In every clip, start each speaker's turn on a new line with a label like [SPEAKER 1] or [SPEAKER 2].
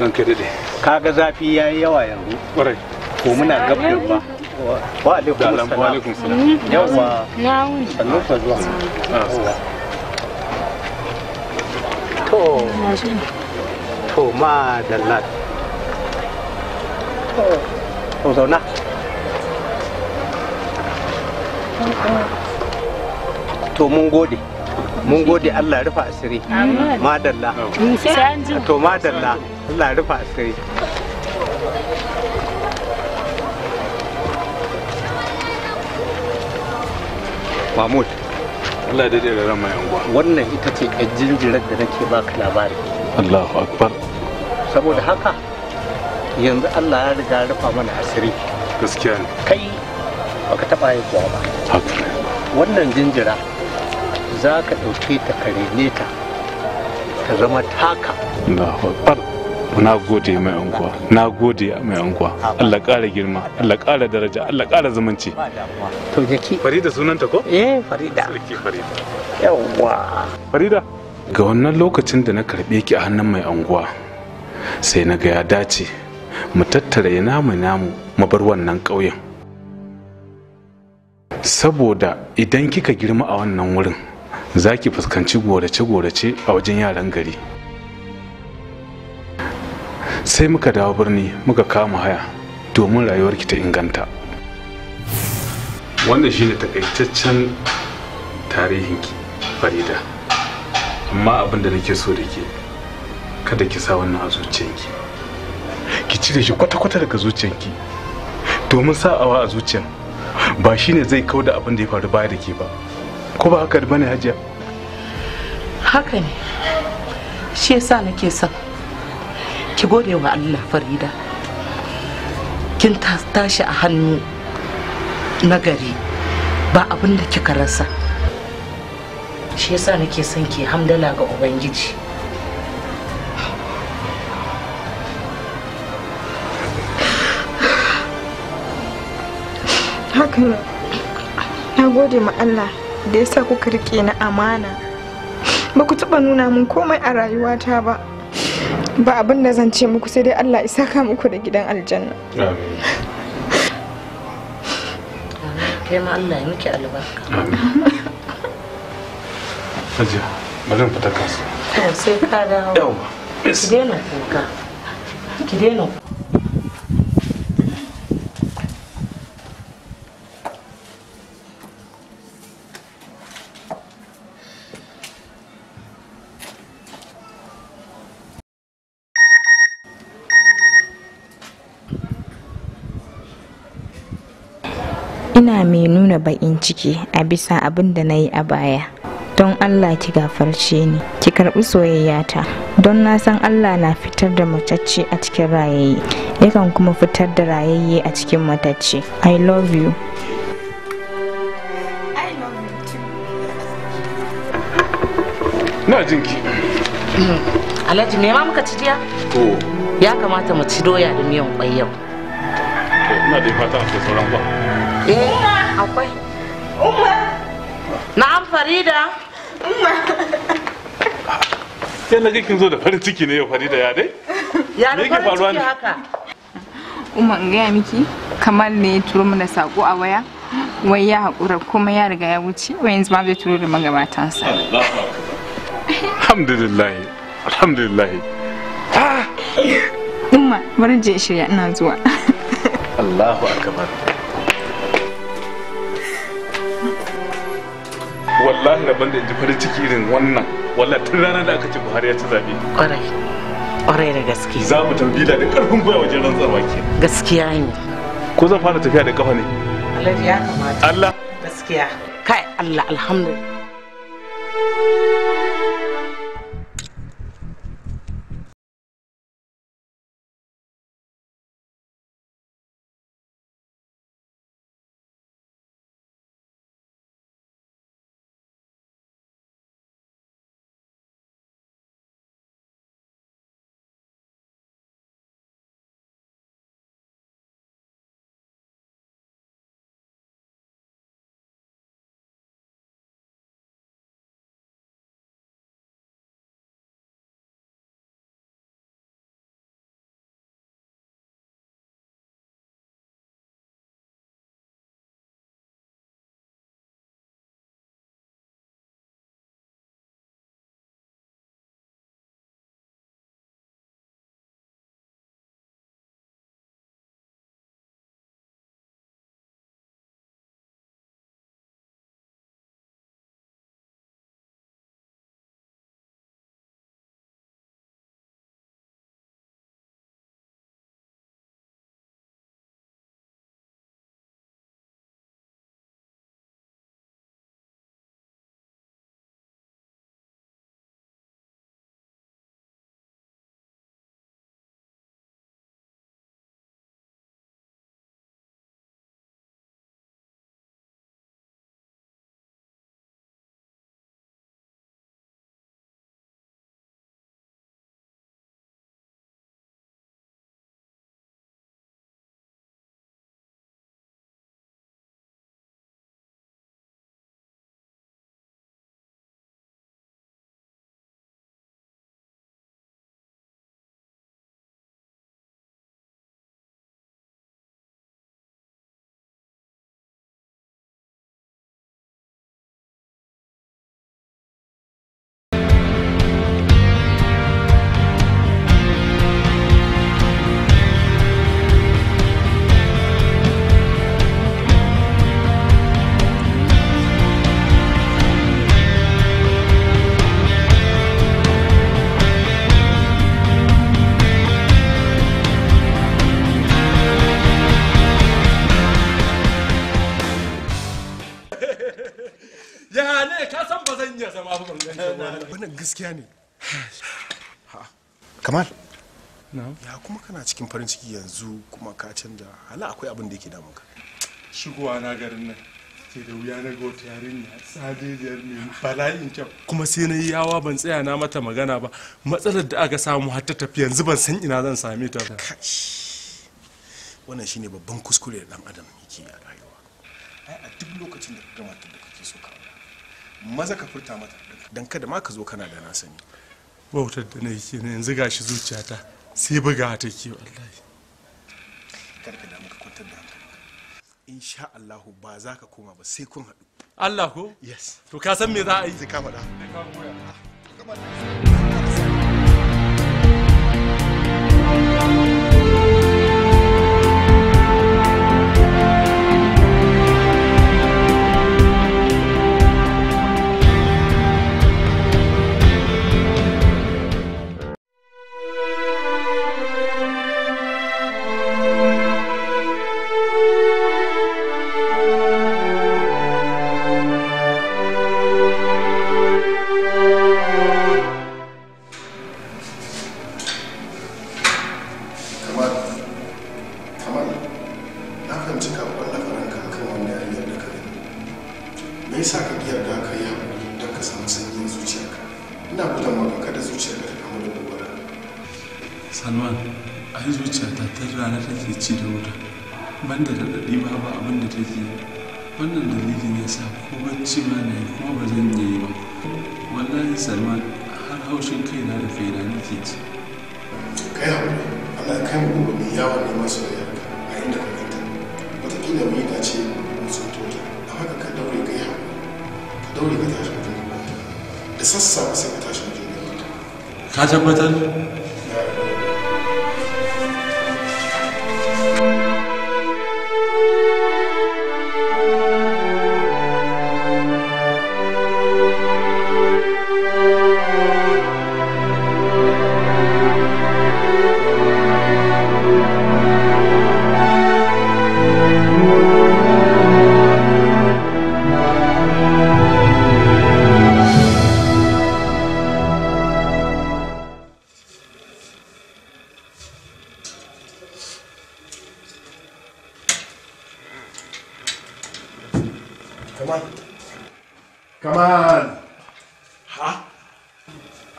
[SPEAKER 1] ranka daɗe kaga zafi ya yi yawa yanzu kwarai ko muna gab da ruwa wa alaikum salam wa alaikum salam mhm. yawa na wuni sannan fa zuwa to to ma dalla to to zauna to mun gode mun gode Allah rufa asiri madalla to madalla Allah rufa asiri Mahmud Allah da da ran mai anguwa wannan ita ce ƴan jinjirar da nake ka labari Allahu akbar saboda haka yanzu Allah ya riga rufa mana asiri gaskiya ne kai baka taba yin kuwa ba wannan jinjira za ka ɗauke ta ka ne ta ta zama taka Allahu akbar na gode mai anguwa na gode mai anguwa Allah ƙara girma Allah ƙara daraja Allah ƙara zumunci to yake farida sunanta ko eh farida sarki farida yawwa farida ga wannan lokacin da na karbe ki a hannun mai anguwa sai na ga ya dace mu tattara yana mu namu mu bar wannan ƙauyen saboda idan kika girma a wannan wurin za ki fuskanci gorace-gorace a wajen yaran gari sai muka dawo birni muka kama haya domin rayuwarki ta inganta wannan shine takaitaccen tarihinki farida amma abin da nake so da ke kada ki sa wannan a zuciyarki ki cire shi kwata-kwata daga zuciyarki domin sa'awa a zuciyar ba shine zai kau da abin da ya faru baya da ke ba ko ba haka bane hajiya
[SPEAKER 2] haka ne shi yasa nake son ki gode wa Allah Farida kin tashi a hannu na gari ba abin da kika rasa shi yasa nake son ki hamdala ga ubangiji haka
[SPEAKER 3] ne na gode ma Allah da yasa kuka rike na amana ba ku taɓa nuna min komai a rayuwata ba ba abin da zan ce muku sai dai Allah isa ka muku da gidan aljanna
[SPEAKER 2] kai ma Allah ya miki albarka
[SPEAKER 1] Hajiya bari mu fita kasuwa
[SPEAKER 2] sai ka dawo yawa ki daina kuka ki daina kuka
[SPEAKER 3] ina mai nuna baƙin ciki a bisa abin da na yi a baya don allah ki gafarce ni ki karɓi soyayyata don na san allah na fitar da matacce a cikin rayayye yakan kuma fitar da rayayye a cikin matacce i love you
[SPEAKER 1] na jinki alhaji me ma muka ci jiya ya kamata mu ci doya da miyan kwai yau ina da fata a sauran ba Eh,
[SPEAKER 2] akwai umma na'am farida umma
[SPEAKER 1] sai na kin zo da farin ciki ne ya farida ya dai ya da farin ciki
[SPEAKER 2] haka
[SPEAKER 3] umma in gaya miki kamar ne ya turo mana sako a waya wai ya haƙura kuma ya riga ya wuce wai yanzu ma zai turo da magabatansa
[SPEAKER 1] alhamdulillah alhamdulillah
[SPEAKER 2] ah! umma
[SPEAKER 3] bari je shirya ina zuwa
[SPEAKER 1] allahu akbar wallahi da in ji farin ciki irin wannan wallahi tun ranar da aka ce buhari ya ci zaɓe ƙwarai ƙwarai da gaske za mu tambi da ƙarfin gwiwa wajen rantsarwa ke gaskiya ne ko zan fara tafiya da kafa ne Allah ya kamata Allah
[SPEAKER 2] gaskiya kai Allah alhamdulillah
[SPEAKER 4] wannan gaskiya ne kamar ya kuma kana cikin farin ciki yanzu kuma ka canja hala akwai abin da yake damun ka shigowa na garin nan ke da wuya na gota yarin na tsadejiyar ne bala'in kyau kuma sai na yawa ban tsaya na mata magana ba matsalar da aka samu har ta tafi yanzu ban san ina zan same ta ba wannan shine babban kuskure da dan adam yake a rayuwa a duk lokacin da ka gama da kake so ka maza ka furta mata don kada ma ka zo kana da na sani bautar da na yi kenan yanzu gashi zuciyata sai buga ta ke wallahi karka da muka kwantar da hankali insha Allah ba za ka koma ba sai kun haɗu Allah ko yes to ka san me za a yi sai ka faɗa salman har haushin kai na da kaina nake ji kai haƙuri allah kai mu gobe yawon neman soyayyarka a inda ka daure ka yi haƙuri ka daure ka da sai ka ka tabbatar Come on. Come on. Ha?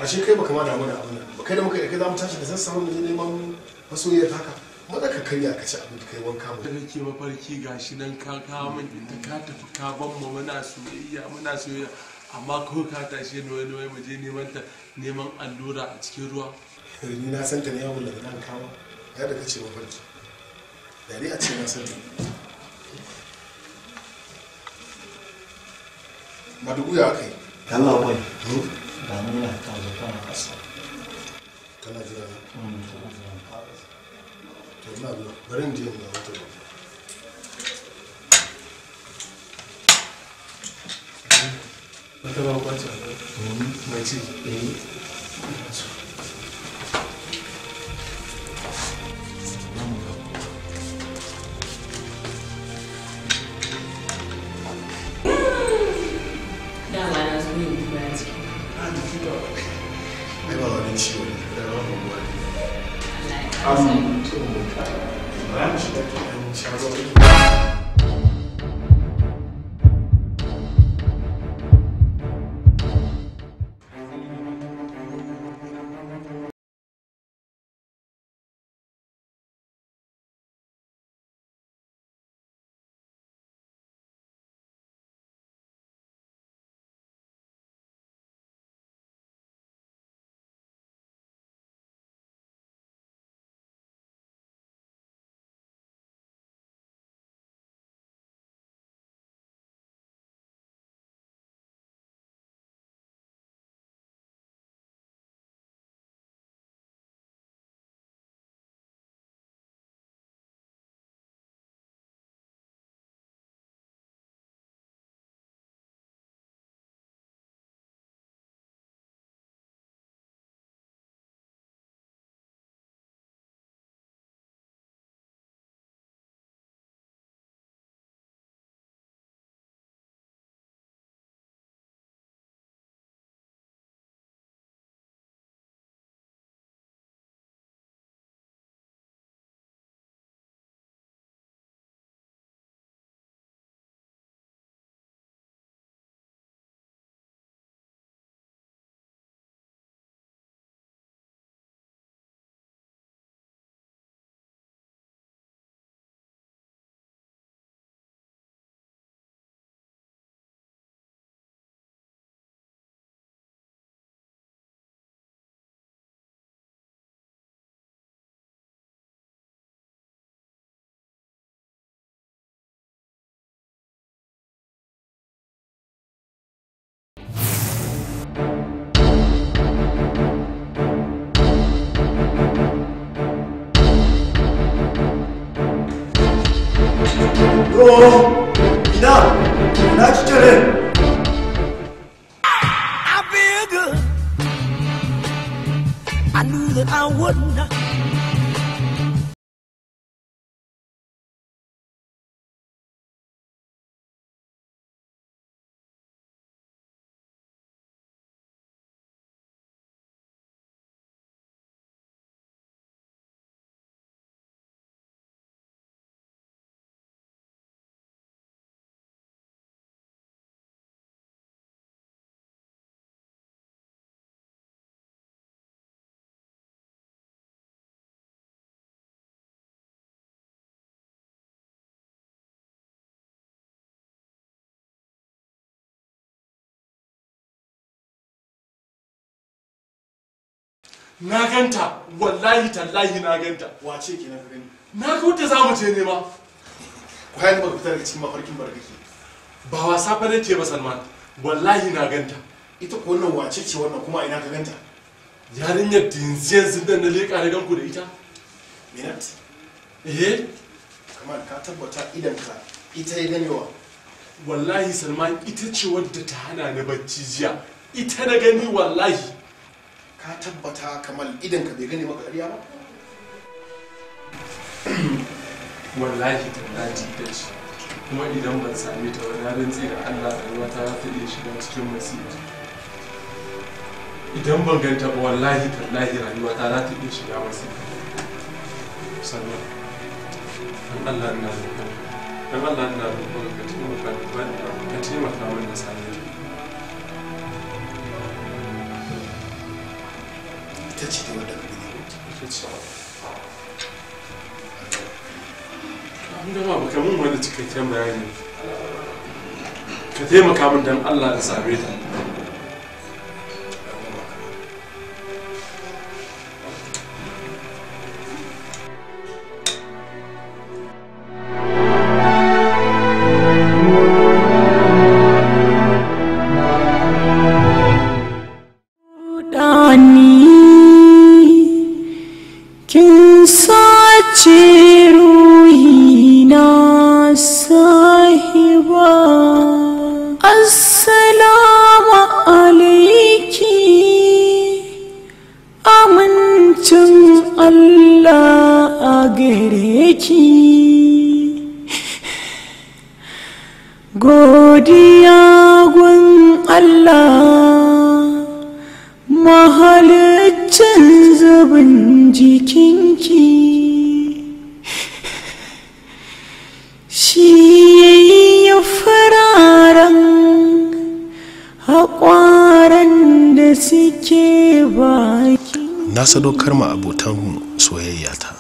[SPEAKER 4] Ashe kai baka ma damu da abin nan. Ba kai da muka kai za mu tashi da sassafe mu je neman masoyiyar taka. Maza ka karya ka ci abin da kai wanka mu. Da ke mafarki gashi nan ka kawo min da ka tafi ka ban mu muna soyayya muna soyayya amma ko ka tashi ne wani wai mu je neman ta neman allura a cikin ruwa. Ni na san ta ne yawon da nan kawo. Ya da kace mafarki. Dari a ce na san ta. madugu ya k a kana wai da ni na ta zo kana kasa kana jira to na zo bari n je i a wata ba wata ba kwace mai ci eh 주시옵고 na ganta wallahi tallahi na ganta wace ke na gani na ga wata za mu je ku kwayan ba fitar da cikin mafarkin barkake ba wasa fa ce ba Salman wallahi na ganta ita ko wannan wace ce wannan kuma ina ka ganta yarinyar dinzi yanzu dan na leƙa da ganku da ita minat eh kamar ka tabbata idan ka ita ya wa wallahi Salman ita ce wadda ta hana ni bacci jiya ita na gani wallahi ka tabbata kamal idan ka bai gani maka ƙarya ba wallahi tallahi da shi kuma idan ban sami ta wani harin tsira Allah da wata za ta iya shiga cikin masifa idan ban ganta ba wallahi tallahi rayuwa ta za ta iya shiga masifa sannan An Allah ina roƙon An Allah ina roƙon ka taimaka ka taimaka wani da sani ita ce da wadda kake an gama baka mun wani cikakken bayani ka taimaka min don allah da same ta
[SPEAKER 3] kin sace ruhi na sahiba assalamu alaiki amincin allah a
[SPEAKER 2] gare godiya gun allah
[SPEAKER 3] mahaliccin zubin jikinki shi ya yi ya fararen haƙwaran da suke baki
[SPEAKER 4] na sadaukar ma abotan soyayyata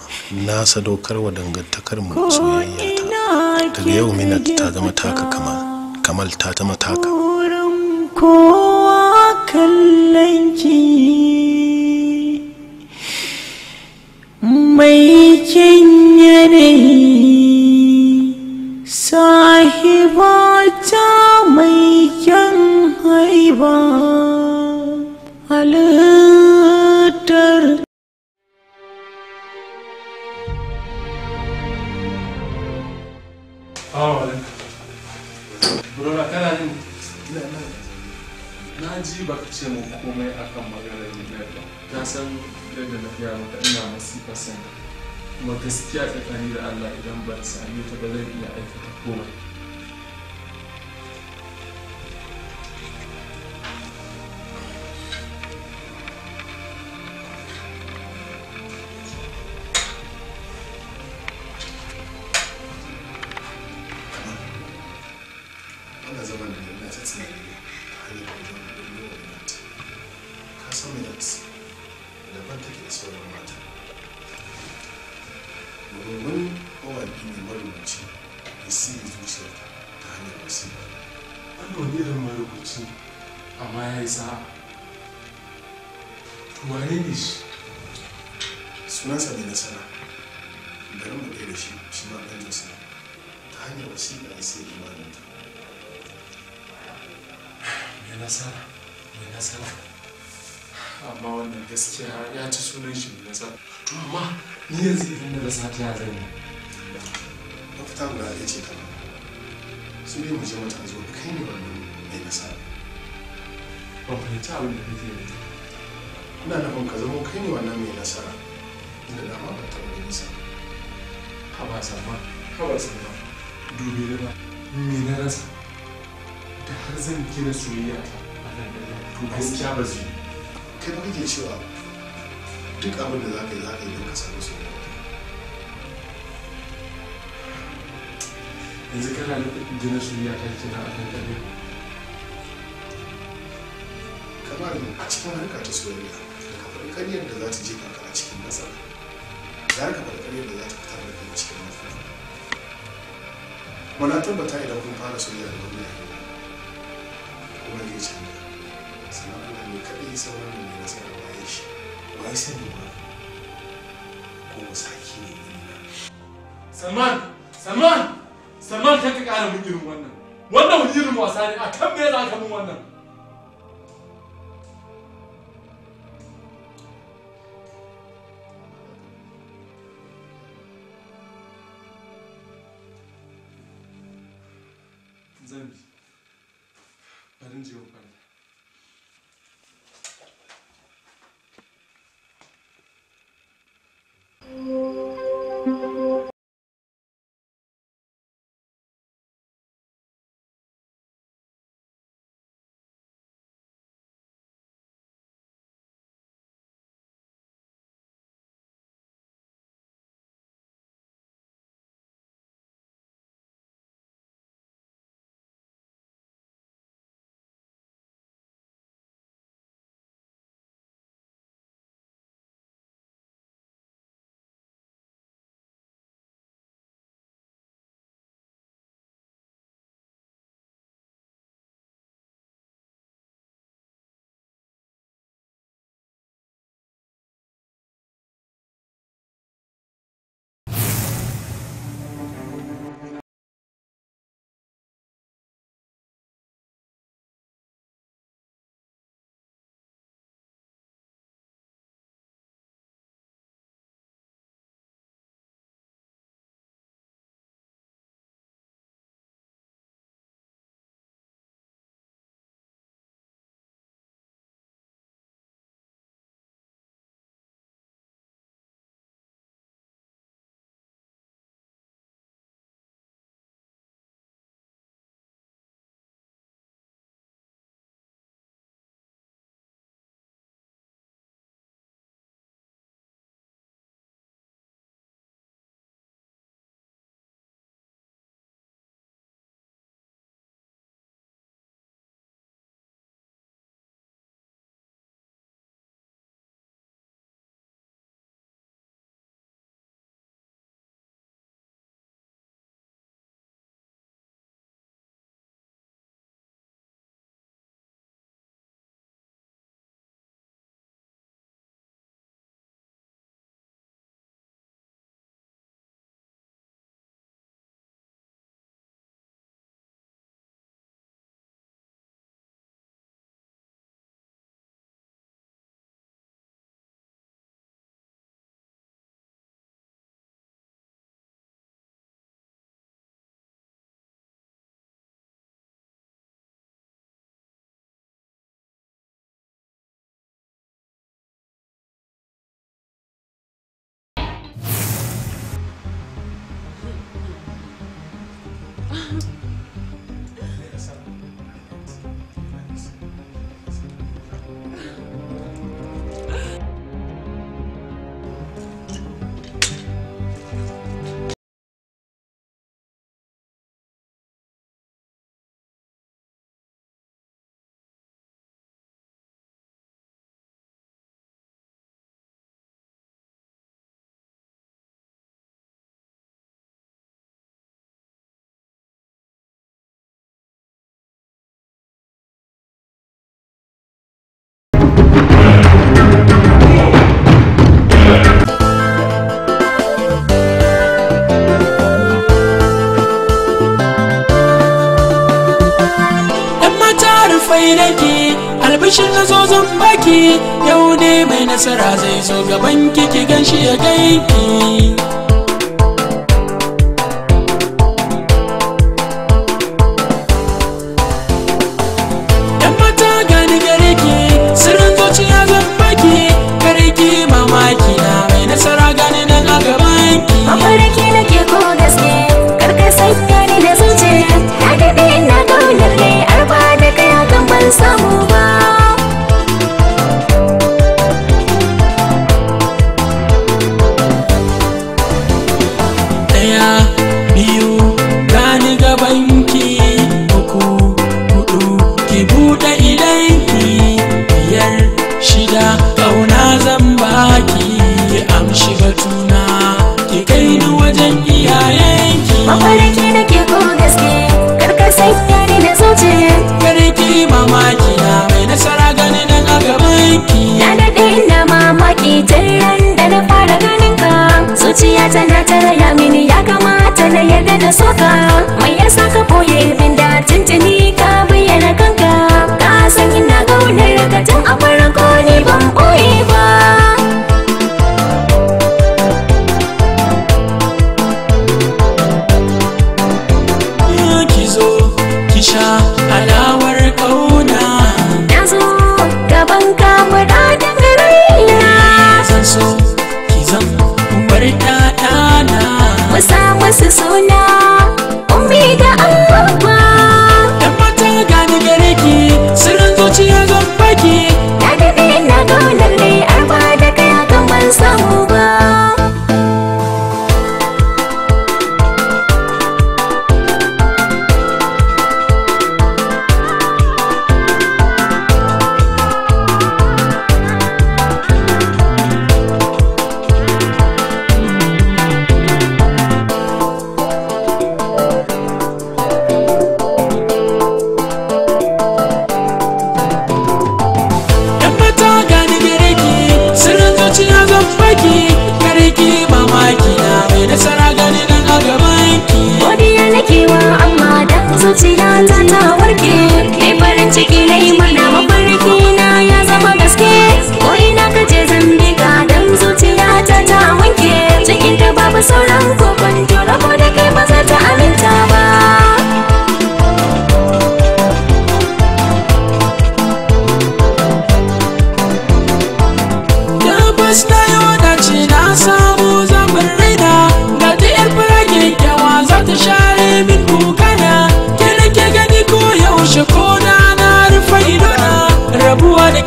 [SPEAKER 4] na sadaukar wa dangantakar mu
[SPEAKER 3] soyayyata daga yau minat ta zama
[SPEAKER 4] taka kamal kamal ta zama taka
[SPEAKER 3] kowa kallon ki மெய்
[SPEAKER 4] saminat daban take da sauran mata domin mawaƙi ne marubuci da siya zuciyarta ta hanyar wasiƙa an wani irin marubuci amma ya yi sa'a wane ne shi sunansa ne nasara garin mu ɗaya da shi shi ma ɗan nasara ta hanyar wasiƙa ya sai imanin ta mai nasara mai nasara amma wannan gaskiya ya ci sunan shi na sa to amma ni yanzu idan da rasa ta ya zan yi mafita guda ya ce ta su dai mu je mata zo kai ne wannan mai nasara ban fahimci abin da kake yanzu ina nufin ka zama kai ne wannan mai nasara inda dama ba ta wani nisa ha ba sama ha ba sama dubi da me na rasa da har zan gina soyayya ta a nan da to gaskiya ba zai kai ba kake cewa duk abin da za ka yi za ka yi don ka samu su yanzu kana da jina ya ta ce na akan kare kamar a cikin harka ta soyayya ka faɗi karyar da za ta je kanka a cikin nasara. za ka faɗi karyar da za ta fitar da kai cikin matsala wani tabbata idan kun fara soyayya da wani yare kuma ne canza kaɗai san wannan ne nasara waye shi waye sani ma ko musaki ne na. saman saman saman ta ka ƙara mun irin wannan wannan wani irin wasa ne a kan me za ka mun wannan zan bi bari in je
[SPEAKER 2] mai nasara zai zo gaban kiki gan shi ya gaiki na soka mai yasa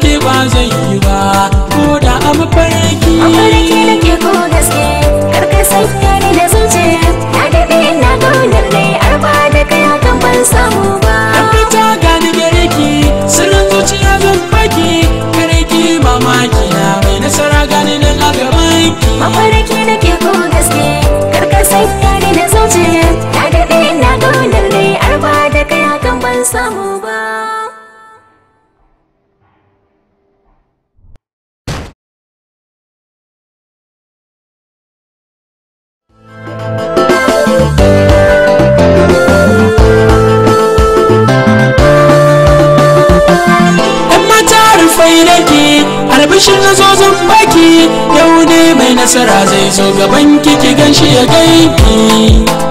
[SPEAKER 2] ke ba zan yi ba ko da a mafarki mafarki nake ko gaske kar karka sanya ne da zuci na daɗe ina da dai arba da kai kan ban samu ba tabbata gani gare ki sirrin zuciya zan baki kare ki mamaki na mai nasara gani nan a gaban ki mafarki nake ko gaske karka sanya ne da zuci gaban ki gan ganshi ya gaiki